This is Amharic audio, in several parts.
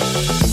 you.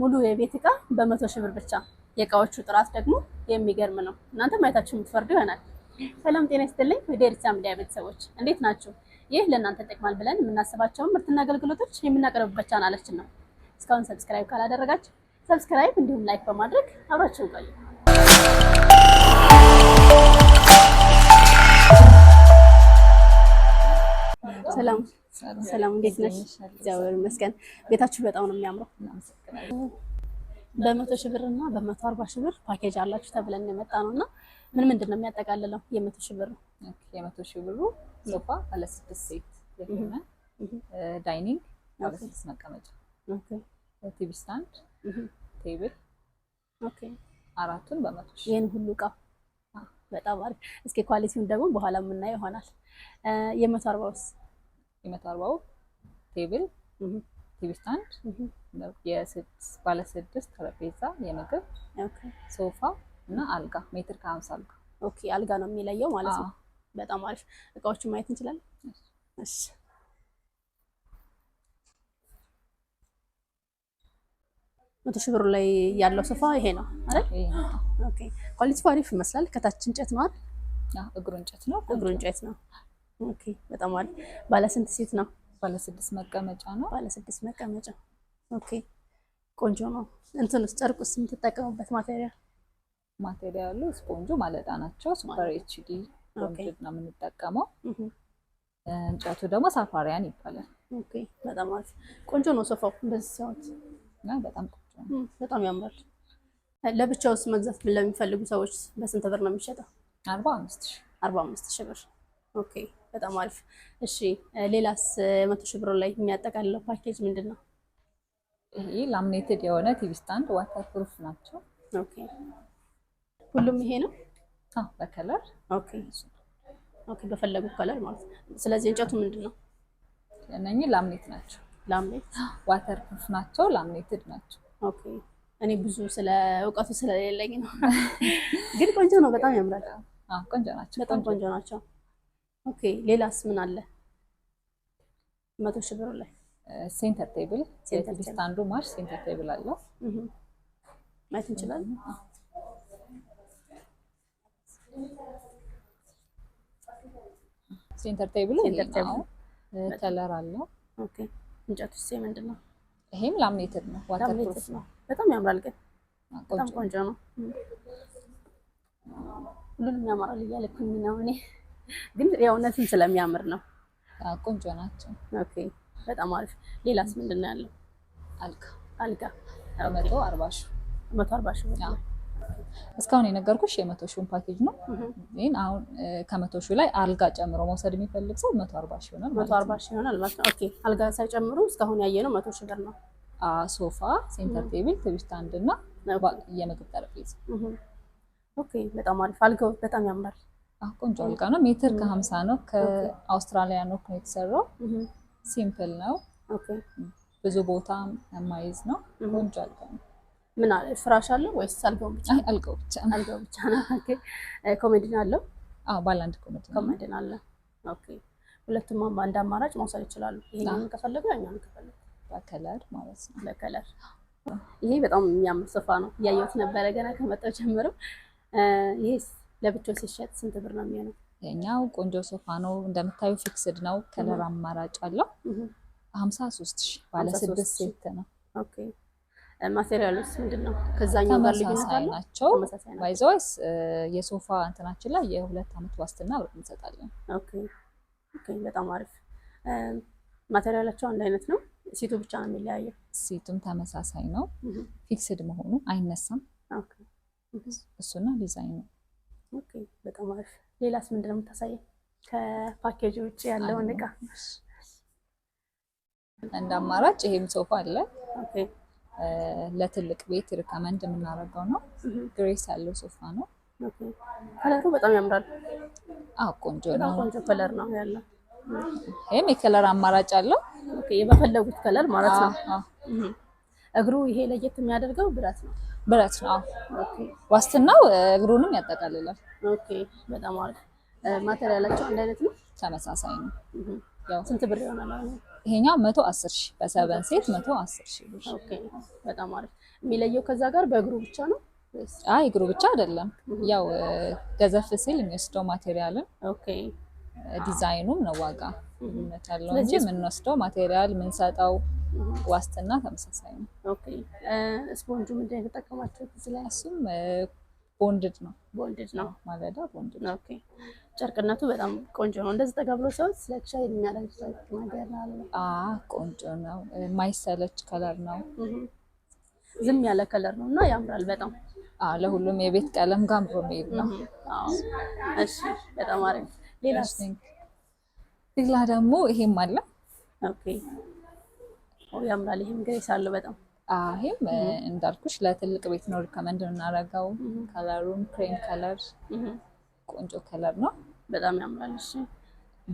ሙሉ የቤት እቃ በመቶ ሺህ ብር ብቻ። የእቃዎቹ ጥራት ደግሞ የሚገርም ነው። እናንተ ማየታችሁ የምትፈርዱ ይሆናል። ሰላም ጤና ይስጥልኝ። ወደ ኤርትራ ሚዲያ ቤተሰቦች እንዴት ናችሁ? ይህ ለእናንተ ጠቅማል ብለን የምናስባቸውን ምርትና አገልግሎቶች የምናቀርብበት ቻናላችን ነው። እስካሁን ሰብስክራይብ ካላደረጋችሁ ሰብስክራይብ እንዲሁም ላይክ በማድረግ አብራችሁ ቆዩ። ሰላም፣ እንዴት ነሽ? እግዚአብሔር ይመስገን። ቤታችሁ በጣም ነው የሚያምረው። በመቶ ሺህ ብር እና በመቶ አርባ ሺህ ብር ፓኬጅ አላችሁ ተብለን የመጣ ነው እና ምን ምንድን ነው የሚያጠቃልለው? የመቶ ሺህ ብር የመቶ ሺህ ብሩ ሶፋ ባለ ስድስት ሴት የሆነ ዳይኒንግ፣ ባለ ስድስት መቀመጫ፣ ቲቪ ስታንድ፣ ቴብል አራቱን በመቶ ሺህ ይህን ሁሉ እቃ በጣም አሪፍ። እስኪ ኳሊቲውን ደግሞ በኋላ የምናየው ይሆናል። የመቶ አርባ ውስጥ ቁመት አርባው ቴብል፣ ቲቪ ስታንድ፣ ባለስድስት ጠረጴዛ፣ የምግብ ሶፋ እና አልጋ ሜትር ከሀምሳ አልጋ። ኦኬ አልጋ ነው የሚለየው ማለት ነው። በጣም አሪፍ እቃዎችን ማየት እንችላለን። መቶ ሺህ ብሩ ላይ ያለው ሶፋ ይሄ ነው አይደል? ኳሊቲ አሪፍ ይመስላል። ከታች እንጨት ነዋል እግሩ እንጨት ነው። እግሩ እንጨት ነው። ኦኬ፣ በጣም አሪፍ። ባለ ሴት ነው? ባለ መቀመጫ ነው። ባለ መቀመጫ። ኦኬ፣ ቆንጆ ነው። እንትን ውስጥ ጨርቁስ የምትጠቀሙበት ማቴሪያል ማቴሪያሉ ስፖንጁ ማለዳ ናቸው። ሱፐር ኤችዲ ነው የምንጠቀመው። እንጨቱ ደግሞ ሳፋሪያን ይባላል። ኦኬ፣ በጣም አሪፍ። ቆንጆ ነው ሶፋው። እንደዚህ ሲያዩት በጣም ቆንጆ ነው። በጣም ያምራል። ለብቻውስ መግዛት ለሚፈልጉ ሰዎች በስንት ብር ነው የሚሸጠው? አርባ አምስት ሺህ አርባ አምስት ሺህ ብር ኦኬ በጣም አሪፍ። እሺ ሌላስ መቶ ሺህ ብር ላይ የሚያጠቃልለው ፓኬጅ ምንድን ነው? ይህ ላምኔትድ የሆነ ቲቪ ስታንድ ዋተር ፕሩፍ ናቸው። ኦኬ ሁሉም ይሄ ነው? በከለር ኦኬ፣ በፈለጉ ከለር ማለት ነው። ስለዚህ እንጨቱ ምንድን ነው? እነኚህ ላምኔት ናቸው። ላምኔት ዋተር ፕሩፍ ናቸው፣ ላምኔትድ ናቸው። ኦኬ እኔ ብዙ ስለ እውቀቱ ስለሌለኝ ነው፣ ግን ቆንጆ ነው። በጣም ያምራል። ቆንጆ ናቸው። በጣም ቆንጆ ናቸው። ኦኬ ሌላስ ምን አለ? መቶ ሺህ ብር ላይ ሴንተር ቴብል አንዱ ማርሽ ሴንተር ቴብል አለው ማየት እንችላለን። ሴንተር ቴብል ከለር አለው። ኦኬ እንጨቱ ምንድን ነው? ይሄም ላምኔትድ ነው፣ ዋተርፕሩፍ ነው። በጣም ያምራል፣ ግን በጣም ቆንጆ ነው። ሁሉንም ያማራል እያልኩኝ ነው እኔ ግን የእውነትም ስለሚያምር ነው። ቆንጆ ናቸው። ኦኬ፣ በጣም አሪፍ። ሌላስ ምንድን ነው ያለው? አልጋ አልጋ መቶ አርባ ሺህ መቶ አርባ ሺህ እስካሁን የነገርኩሽ የመቶ ሺውን ፓኬጅ ነው። ይህን አሁን ከመቶ ሺው ላይ አልጋ ጨምሮ መውሰድ የሚፈልግ ሰው መቶ አርባ ሺ ይሆናል ማለት ነው። አልጋ ሳይጨምሩ እስካሁን ያየ ነው መቶ ሺህ ብር ነው። ሶፋ፣ ሴንተር ቴብል፣ ቲቪ ስታንድ እና የምግብ ጠረጴዛ። ኦኬ በጣም አሪፍ። አልጋው በጣም ያምራል። ቆንጆ አልጋ ነው። ሜትር ከሀምሳ ነው። ከአውስትራሊያን ኦክ ነው የተሰራው። ሲምፕል ነው። ብዙ ቦታ የማይዝ ነው። ቆንጆ አልጋ ነው። ምን አለ ፍራሽ አለው ወይስ አልጋው ብቻ? አልጋው ብቻ ነው። አልጋው ብቻ ነው። ኦኬ። ኮሜዲን አለው? አዎ፣ ባላንድ ኮሜዲን ኮሜዲን አለ። ኦኬ። ሁለቱም አንድ አማራጭ መውሰድ ይችላሉ። ይሄንን ከፈለጉ ያኛውን ከፈለጉ በከለር ማለት ነው። በከለር ይሄ በጣም የሚያምር ሶፋ ነው። እያየሁት ነበረ ገና ከመጣሁ ጀምሮ ይሄስ ለብቻው ሲሸጥ ስንት ብር ነው የሚሆነው? የኛው ቆንጆ ሶፋ ነው እንደምታዩ፣ ፊክስድ ነው። ከለር አማራጭ አለው። ሀምሳ ሶስት ሺ ባለ ስድስት ሴት ነው። ማቴሪያሉስ ምንድን ነው? ከዛኛው ጋር ናቸው። የሶፋ እንትናችን ላይ የሁለት አመት ዋስትና ብር እንሰጣለን። በጣም አሪፍ ማቴሪያላቸው አንድ አይነት ነው። ሴቱ ብቻ ነው የሚለያየው። ሴቱም ተመሳሳይ ነው። ፊክስድ መሆኑ አይነሳም። እሱና ዲዛይን ነው ኦኬ በጣም አሪፍ። ሌላስ ምንድን ነው የምታሳየው? ከፓኬጅ ውጭ ያለውን እቃ እንደ አማራጭ ይሄም ሶፋ አለ። ለትልቅ ቤት ሪከመንድ የምናደርገው ነው። ግሬስ ያለው ሶፋ ነው። ከለሩ በጣም ያምራል። አዎ ቆንጆ ነው። ቆንጆ ከለር ነው ያለው። ይሄም የከለር አማራጭ አለው። በፈለጉት የበፈለጉት ከለር ማለት ነው። እግሩ ይሄ ለየት የሚያደርገው ብረት ነው። ብረት ነው። ዋስትናው እግሩንም ያጠቃልላል። በጣም አሪፍ። ማቴሪያላቸው አንድ አይነት ነው፣ ተመሳሳይ ነው። ያው ስንት ብር ይሆናል? ይሄኛው 110 ሺህ በሰበን ሴት 110 ሺህ ብር። በጣም አሪፍ። የሚለየው ከዛ ጋር በእግሩ ብቻ ነው? አይ እግሩ ብቻ አይደለም፣ ያው ገዘፍ ሲል የሚወስደው ማቴሪያልን ኦኬ ዲዛይኑም ነው ዋጋ ነት ያለው እንጂ የምንወስደው ማቴሪያል የምንሰጠው ዋስትና ተመሳሳይ ነው። ስፖንጁ ምንድን ነው የተጠቀማችሁት? እሱም ቦንድድ ነው ቦንድድ ነው ማለዳ ቦንድድ ነው። ጨርቅነቱ በጣም ቆንጆ ነው። እንደዚህ ተጋብሎ ብሎ ሰው ስለክሻ የሚያደርግ ነገር ቆንጆ ነው። ማይሰለች ከለር ነው። ዝም ያለ ከለር ነው እና ያምራል በጣም ለሁሉም የቤት ቀለም ጋር አምሮ የሚሄድ ነው። እሺ በጣም አሪፍ ሌላ ደግሞ ይሄም አለ። ኦኬ ያምራል። ይሄም ግሬስ አለው በጣም ይሄም እንዳልኩሽ ለትልቅ ቤት ነው ሪከመንድ እናደርገው። ከለሩም ክሬም ከለር ቆንጆ ከለር ነው፣ በጣም ያምራል። እሺ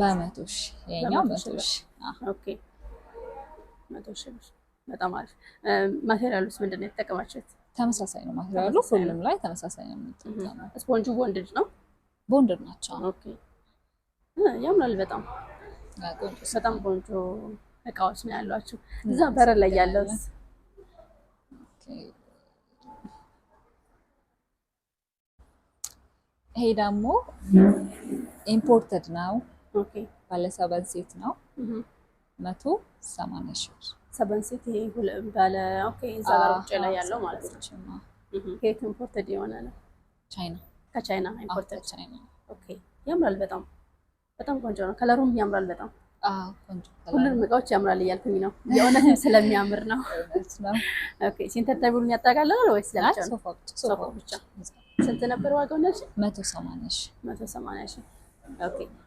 በመቶ ሺ ይሄኛው መቶ ሺ ኦኬ፣ መቶ ሺህ በጣም አሪፍ። ማቴሪያሉስ ምንድን ነው የተጠቀማችሁት? ተመሳሳይ ነው ማቴሪያሉ፣ ሁሉም ላይ ተመሳሳይ ነው የምንጠቀመው። ስፖንጁ ቦንድድ ነው ቦንድድ ናቸው። ኦኬ ያምራል። በጣም በጣም ቆንጆ እቃዎች ነው ያሏቸው። እዛ በር ላይ ያለው ይሄ ደግሞ ኢምፖርተድ ነው። ባለ ሰበን ሴት ነው መቶ ሰማንያ ሺህ ብር ሰበን ሴት። ይሄ ባለ እዛ ጋር ውጭ ላይ ያለው ማለት ነው። ከየት ኢምፖርተድ የሆነ ነው? ቻይና። ከቻይና ኢምፖርተድ። ቻይና። ያምራል በጣም በጣም ቆንጆ ነው። ከለሩም ያምራል በጣም ሁሉንም እቃዎች ያምራል እያልኩኝ ነው። የእውነትም ስለሚያምር ነው። ሴንተር ተብሎ ያጠቃልላል ወይስ ስንት ነበር ዋጋው? ነች መቶ ሰማንያ ሺህ መቶ ሰማንያ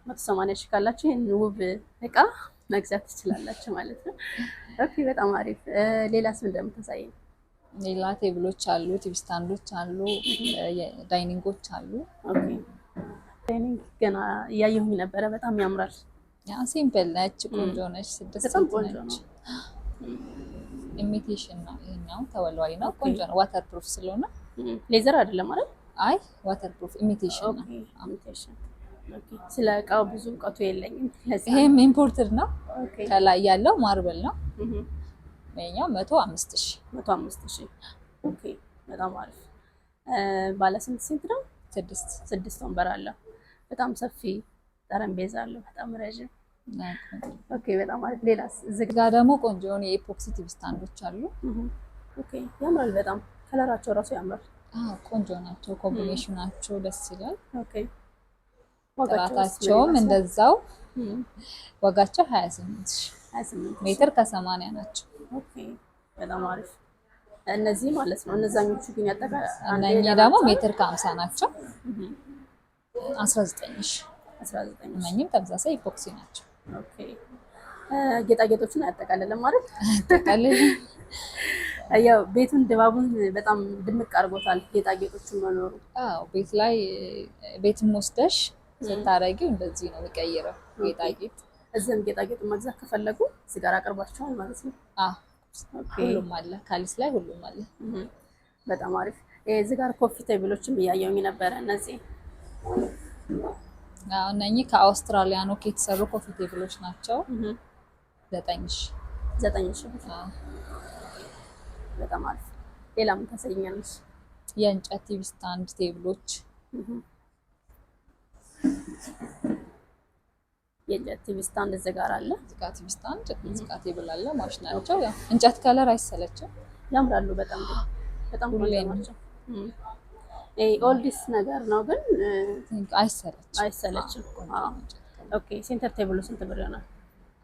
መቶ ሰማንያ ሺህ ካላችሁ ይህን ውብ እቃ መግዛት ትችላላችሁ ማለት ነው። ኦኬ በጣም አሪፍ። ሌላስ ምን እንደምታሳይ ነው? ሌላ ቴብሎች አሉ፣ ቲቪ ስታንዶች አሉ፣ ዳይኒንጎች አሉ። ትሬኒንግ ገና እያየሁኝ ነበረ። በጣም ያምራል። ሲምፕል ነች፣ ቆንጆ ነች፣ ነች። ኢሚቴሽን ነው ይሄኛው፣ ተወልዋይ ነው፣ ቆንጆ ነው። ዋተር ፕሩፍ ስለሆነ ሌዘር አይደለም አይደል? አይ ዋተር ፕሩፍ ኢሚቴሽን ነው። ስለ እቃው ብዙ እውቀቱ የለኝም። ይሄም ኢምፖርትድ ነው። ከላይ ያለው ማርበል ነው። መቶ አምስት መቶ አምስት በጣም አሪፍ። ነው? ስድስት ስድስት ወንበር አለው። በጣም ሰፊ ጠረጴዛ አለው። በጣም ረዥም። ኦኬ፣ በጣም አሪፍ። ሌላስ? እዚህ ጋር ደግሞ ቆንጆ የሆኑ የኤፖክሲ ቲቪ ስታንዶች አሉ። ኦኬ፣ ያምራል። በጣም ከለራቸው ራሱ ያምራል። ቆንጆ ናቸው። ኮምቢኔሽናቸው ደስ ይላል። ጥራታቸውም እንደዛው። ዋጋቸው ሀያ ስምንት ሜትር ከ ናቸው። በጣም አሪፍ። እነዚህ ማለት ነው። እነዛኞቹ ግን ያጠቃ አንደኛ ደግሞ ሜትር ከ ናቸው። 19 ሺ 19 እነኚህም ተመሳሳይ ኢፖክሲ ናቸው። ጌጣጌጦችን አያጠቃልልም ማለት አያጠቃልል። ያው ቤቱን ድባቡን በጣም ድምቅ አድርጎታል ጌጣጌጦችን መኖሩ። አዎ ቤት ላይ ቤትም ወስደሽ ስታረጊው እንደዚህ ነው የሚቀይረው ጌጣጌጥ። እዚህም ጌጣጌጥ መግዛት ከፈለጉ እዚህ ጋር አቅርባቸዋል ማለት ነው። ሁሉም አለ፣ ካሊስ ላይ ሁሉም አለ። በጣም አሪፍ። እዚህ ጋር ኮፊ ቴብሎችም እያየውኝ ነበረ እነዚህ እነኚህ ከአውስትራሊያኖክ የተሰሩ ኮፊ ቴብሎች ናቸው። ዘጠኝ ሺህ ዘጠኝ ሺህ በጣም አሪፍ። ሌላ ምን የእንጨት ቲቪ ስታንድ ቴብሎች፣ የእንጨት ቲቪ ስታንድ እዚህ ጋር አለ። እዚህ ጋር ቲቪ ስታንድ፣ እዚህ ጋር ቴብል አለ። ማሽ ናቸው። እንጨት ከለር አይሰለችም፣ ያምራሉ። በጣም በጣም ሁሌ ናቸው። ኦልዲስ ነገር ነው ግን አይሰለችም አይሰለችም። ኦኬ ሴንተር ቴብሉ ስንት ብር ይሆናል?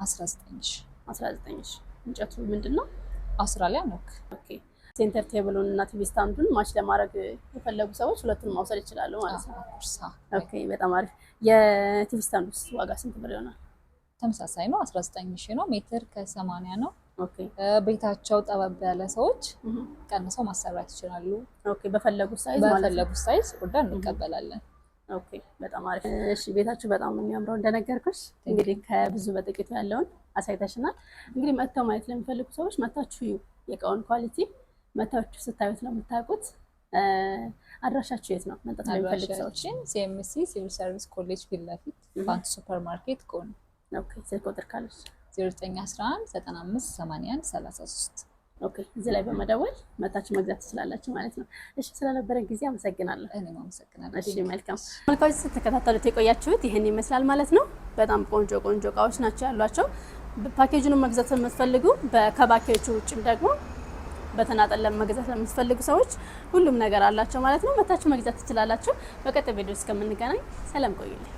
አስራ ዘጠኝ ሺህ አስራ ዘጠኝ ሺህ እንጨቱ ምንድን ነው? አውስትራሊያ ኖክ። ኦኬ ሴንተር ቴብሉን እና ቲቪ ስታንዱን ማች ለማድረግ የፈለጉ ሰዎች ሁለቱን ማውሰድ ይችላሉ ማለት ነው። ኦኬ በጣም አሪፍ። የቲቪ ስታንዱ ዋጋ ስንት ብር ይሆናል? ተመሳሳይ ነው፣ አስራ ዘጠኝ ሺህ ነው። ሜትር ከሰማንያ ነው ቤታቸው ጠበብ ያለ ሰዎች ቀንሰው ማሰራት ይችላሉ። በፈለጉ ሳይዝ በፈለጉት ኦርደር እንቀበላለን። በጣም አሪፍ። እሺ ቤታችሁ በጣም ነው የሚያምረው። እንደነገርኩሽ እንግዲህ ከብዙ በጥቂቱ ያለውን አሳይተሽናል። እንግዲህ መጥተው ማየት ለሚፈልጉ ሰዎች መታችሁ ዩ የእቃውን ኳሊቲ መታችሁ ስታዩት ነው የምታውቁት። አድራሻችሁ የት ነው? መጣት ለሚፈልጉ ሰዎችን ሲኤምሲ ሲቪል ሰርቪስ ኮሌጅ ፊት ለፊት ፋንት ሱፐር ማርኬት ቆን ስልክ ቁጥር ካለች 0911958133 ኦኬ እዚህ ላይ በመደወል መታችሁ መግዛት ትችላላችሁ ማለት ነው። እሺ ስለነበረን ጊዜ አመሰግናለሁ። እኔም አመሰግናለሁ። እሺ መልካም መልካም ስትከታተሉት የቆያችሁት ይህን ይመስላል ማለት ነው። በጣም ቆንጆ ቆንጆ እቃዎች ናቸው ያሏቸው። ፓኬጁን መግዛት ለምትፈልጉ ከፓኬጁ ውጭም ደግሞ በተናጠል ለመግዛት ለምትፈልጉ ሰዎች ሁሉም ነገር አላቸው ማለት ነው። መታችሁ መግዛት ትችላላችሁ። በቀጣይ ቪዲዮ እስከምንገናኝ ሰላም ቆዩልኝ።